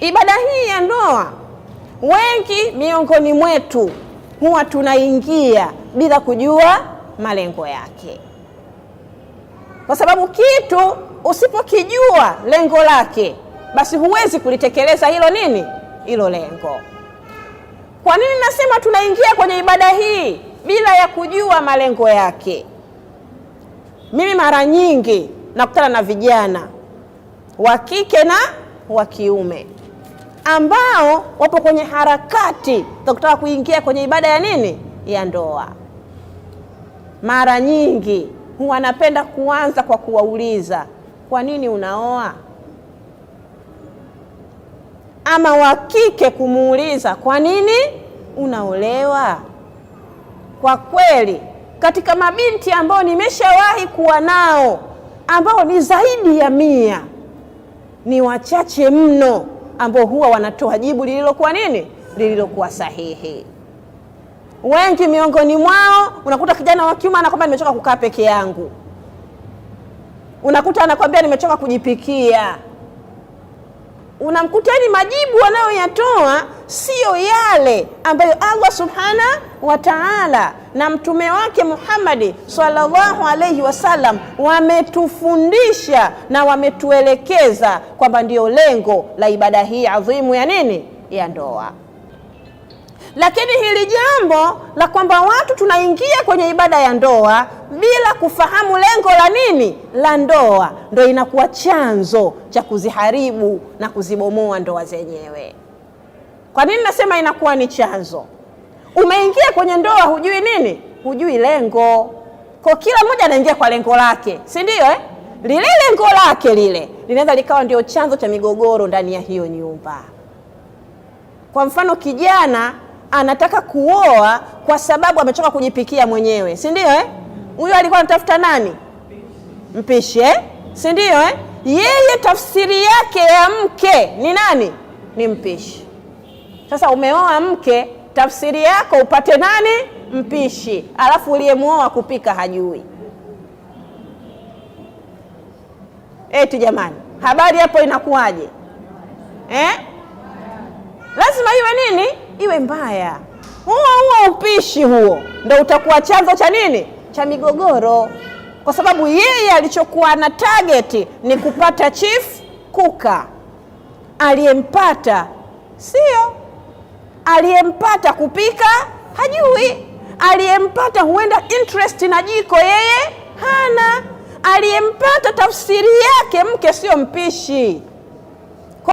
Ibada hii ya ndoa, wengi miongoni mwetu huwa tunaingia bila kujua malengo yake, kwa sababu kitu usipokijua lengo lake, basi huwezi kulitekeleza hilo nini, hilo lengo. Kwa nini nasema tunaingia kwenye ibada hii bila ya kujua malengo yake? Mimi mara nyingi nakutana na vijana wa kike na wa kiume ambao wapo kwenye harakati za kutaka kuingia kwenye ibada ya nini, ya ndoa, mara nyingi huwa napenda kuanza kwa kuwauliza kwa nini unaoa, ama wa kike kumuuliza kwa nini unaolewa. Kwa kweli katika mabinti ambao nimeshawahi kuwa nao ambao ni zaidi ya mia, ni wachache mno ambao huwa wanatoa jibu lililokuwa nini, lililokuwa sahihi. Wengi miongoni mwao unakuta kijana wa kiume anakwambia nimechoka kukaa peke yangu, unakuta anakwambia nimechoka kujipikia, unamkuta ni yaani majibu anayoyatoa siyo yale ambayo Allah subhana wa taala na mtume wake Muhammadi sallallahu alaihi wasallam wametufundisha na wametuelekeza kwamba ndio lengo la ibada hii adhimu ya nini, ya ndoa. Lakini hili jambo la kwamba watu tunaingia kwenye ibada ya ndoa bila kufahamu lengo la nini, la ndoa, ndo inakuwa chanzo cha kuziharibu na kuzibomoa ndoa zenyewe. Kwa nini nasema inakuwa ni chanzo? Umeingia kwenye ndoa hujui nini, hujui lengo. Kwa kila mmoja anaingia kwa lengo lake, si ndio eh? Lile lengo lake lile linaweza likawa ndio chanzo cha migogoro ndani ya hiyo nyumba. Kwa mfano, kijana anataka kuoa kwa sababu amechoka kujipikia mwenyewe, si ndio eh? Huyo alikuwa anatafuta nani? Mpishi eh? si ndio eh? Yeye tafsiri yake ya mke ni nani? Ni mpishi. Sasa umeoa mke tafsiri yako upate nani mpishi, alafu uliyemwoa kupika hajui. Eti jamani, habari hapo inakuwaje eh? Lazima iwe nini? Iwe mbaya. Huo huo upishi huo ndo utakuwa chanzo cha nini, cha migogoro, kwa sababu yeye alichokuwa na tageti ni kupata chief kuka, aliyempata sio aliyempata kupika hajui, aliyempata huenda interest na jiko yeye hana, aliyempata tafsiri yake mke sio mpishi.